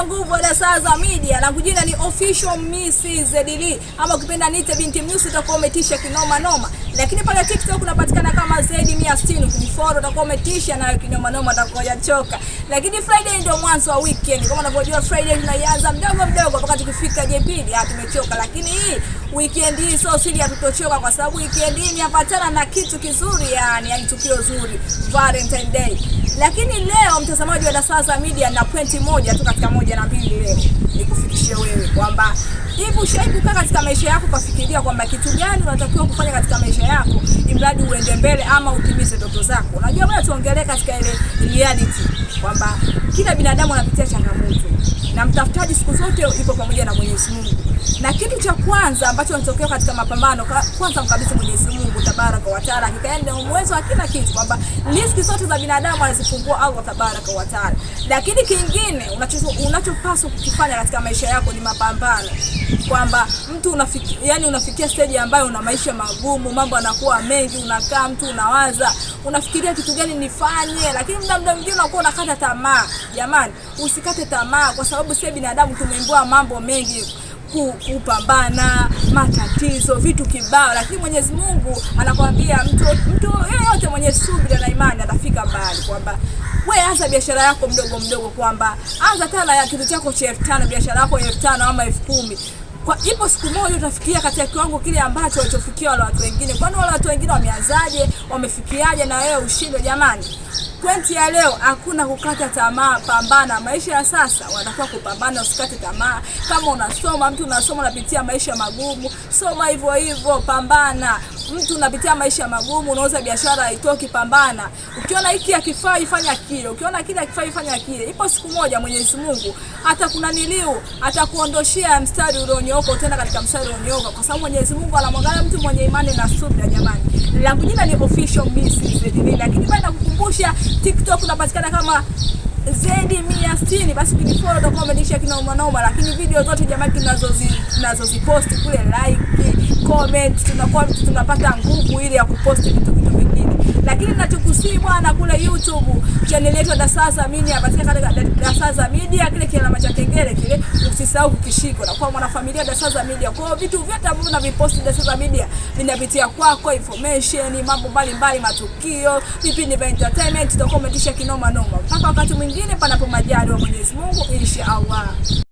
kwa nguvu ya saa za media, na kujina ni official Miss ZD ama ukipenda nite binti mnyusi, utakuwa umetisha kinoma noma. Lakini pale TikTok unapatikana kama zd 160 ukijifollow utakuwa umetisha nayo kinoma noma, utakuwa hujachoka. Lakini Friday ndio mwanzo wa weekend, kama unavyojua Friday tunaanza mdogo mdogo mpaka tukifika Jumapili ah, tumechoka. Lakini hii weekend hii sio siri, hatutochoka kwa sababu weekend hii niapatana na kitu kizuri, yani yani tukio zuri Valentine Day lakini leo mtazamaji wa Dasaza Media na pointi moja tu katika moja na mbili leo nikufikishie wewe kwamba hivi ushawahi kukaa katika maisha yako kafikiria kwamba kitu gani unatakiwa kufanya katika maisha yako imradi uende mbele ama utimize ndoto zako? Unajua bwana, tuongelee katika ile reality kwamba kila binadamu anapitia changamoto na mtafutaji siku zote yuko pamoja na Mwenyezi Mungu na kitu cha kwanza ambacho natokea katika mapambano, kwanza mkabisa Mwenyezi Mungu tabaraka wa taala, hakika yeye wa kila kitu, kwamba riziki zote za binadamu anazifungua Allah tabaraka wa taala. Lakini kingine unachopaswa kukifanya katika maisha yako ni mapambano, kwamba mtu unafiki, yani unafikia stage ambayo una maisha magumu, mambo yanakuwa mengi, unakaa mtu unawaza, unafikiria kitu gani nifanye, lakini muda mda mwingine unakuwa unakata tamaa. Jamani, usikate tamaa, kwa sababu sisi binadamu tumeimbua mambo mengi kupambana matatizo, vitu kibao, lakini Mwenyezi Mungu anakwambia mtu mtu yeyote mwenye subira na imani atafika mbali, kwamba we anza biashara yako mdogo mdogo, kwamba anza tala ya kitu chako cha elfu tano biashara yako ya elfu tano ama elfu kumi kwa ipo siku moja utafikia katika kiwango kile ambacho walichofikia wale watu wengine. Kwani wale watu wengine wameanzaje, wamefikiaje na wewe ushindwe? Jamani, pointi ya leo hakuna kukata tamaa, pambana. Maisha ya sasa wanatakiwa kupambana, usikate tamaa. Kama unasoma, mtu unasoma unapitia maisha magumu, soma hivyo hivyo, pambana mtu unapitia maisha magumu, unauza biashara haitoki, pambana. Ukiona hiki hakifai fanya kile, ukiona kile hakifai fanya kile. Ipo siku moja Mwenyezi Mungu atakuna niliu, atakuondoshea mstari ulionyooka, utaenda katika mstari ulionyooka, kwa sababu Mwenyezi Mungu anamwangalia mtu mwenye imani na subira. Jamani, langu jina ni official business, lakini bado nakukumbusha TikTok unapatikana kama zedi mia sitini basi kinifollow utakuwa umenisha kinauma noma, lakini video zote jamani tunazozi tunazoziposti kule like comment, tunakuwa tunapata nguvu ile ya kupost vitu vitu vingine, lakini nachokusii bwana, kule YouTube channel yetu Dasaza Media, patikana katika Dasaza Media, kile kilama cha kengele kile usisahau kukishika, na kwa mwanafamilia Dasaza Media. Kwa hiyo vitu vyote ambavyo unaviposti Dasaza Media vinapitia kwako, information, mambo mbalimbali, matukio, vipindi vya entertainment, tutakuwa tumetisha kinoma noma mpaka wakati mwingine, panapo majaliwa Mwenyezi Mungu, insha Allah.